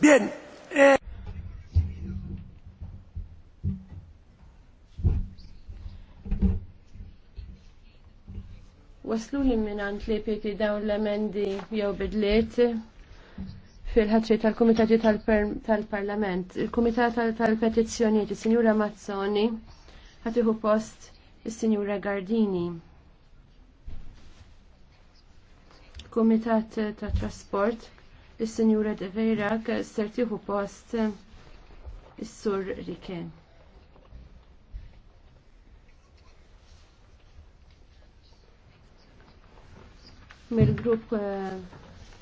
Bien. Eh. Waslu li minant li piti dawn l-emendi jew bidliet fil-ħatri tal-Komitati tal-Parlament. Il-Komitat tal-Petizzjoniet, il-Sinjura Mazzoni, ħatiħu post il-Sinjura Gardini. Komitat tal-Trasport, il-Senjura De ser sertiħu post il-Sur Riken. Mill-grupp eh,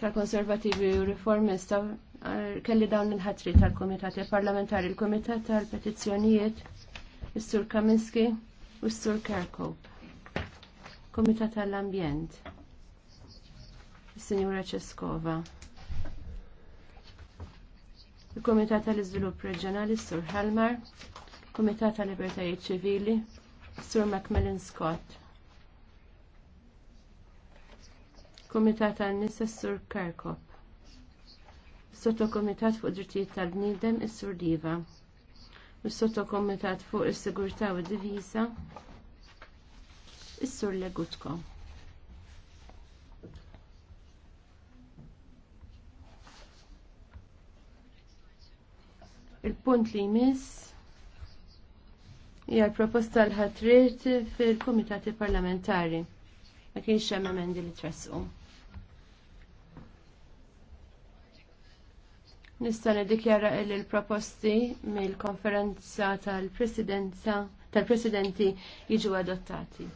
tal-Konservativi u Riformista eh, kelli dawn il-ħatri tal-Komitat parlamentari il-Komitat tal-Petizzjonijiet is sur Kaminski u s sur Kerkop. Komitat tal-Ambjent. Is-Sinjura Ceskova il-Komitat tal-Iżvilupp Reġjonali Sur Helmer, Komitat tal-Libertajiet Ċivili Sur Macmillan Scott, Komitat tan-Nisa Sur Kerkop, Sottokomitat fuq drittijiet tal-bniedem is-Sur Diva, is-Sottokomitat fuq is-Sigurtà u d-Divisa is-Sur Legutko. Il-punt li jmiss hija proposta l-ħatrit fil-Kumitati Parlamentari. Ma kienx hemm emendi li tressqu. Nista' niddikjara li l-proposti mill-konferenza tal-presidenza tal-presidenti jiġu adottati.